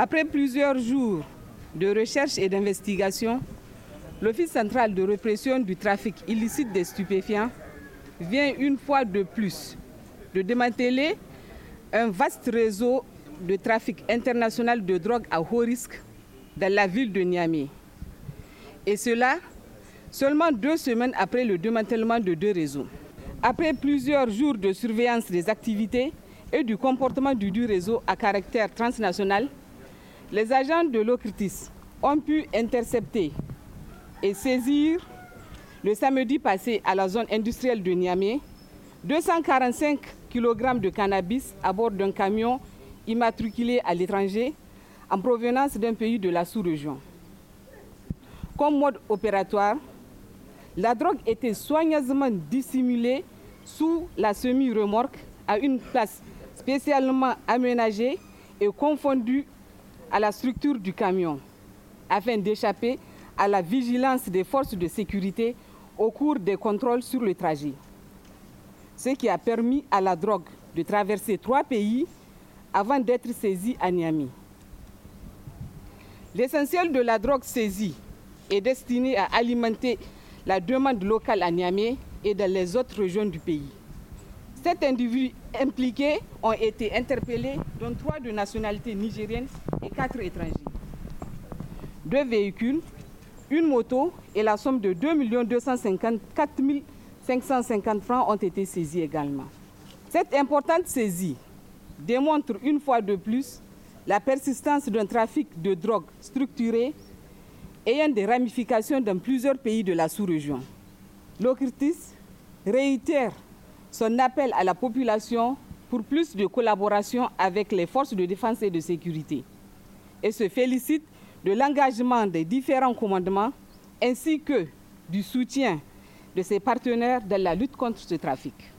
Après plusieurs jours de recherche et d'investigation, l'Office central de répression du trafic illicite des stupéfiants vient une fois de plus de démanteler un vaste réseau de trafic international de drogue à haut risque dans la ville de Niamey. Et cela seulement deux semaines après le démantèlement de deux réseaux. Après plusieurs jours de surveillance des activités et du comportement du, du réseau à caractère transnational, les agents de l'OCRITIS ont pu intercepter et saisir le samedi passé à la zone industrielle de Niamey 245 kg de cannabis à bord d'un camion immatriculé à l'étranger en provenance d'un pays de la sous-région. Comme mode opératoire, la drogue était soigneusement dissimulée sous la semi-remorque à une place spécialement aménagée et confondue à la structure du camion afin d'échapper à la vigilance des forces de sécurité au cours des contrôles sur le trajet. Ce qui a permis à la drogue de traverser trois pays avant d'être saisie à Niamey. L'essentiel de la drogue saisie est destiné à alimenter la demande locale à Niamey et dans les autres régions du pays. Sept individus impliqués ont été interpellés, dont trois de nationalité nigérienne et quatre étrangers. Deux véhicules, une moto et la somme de 2 254 550 francs ont été saisis également. Cette importante saisie démontre une fois de plus la persistance d'un trafic de drogue structuré ayant des ramifications dans plusieurs pays de la sous-région. L'Ocritis réitère son appel à la population pour plus de collaboration avec les forces de défense et de sécurité et se félicite de l'engagement des différents commandements ainsi que du soutien de ses partenaires dans la lutte contre ce trafic.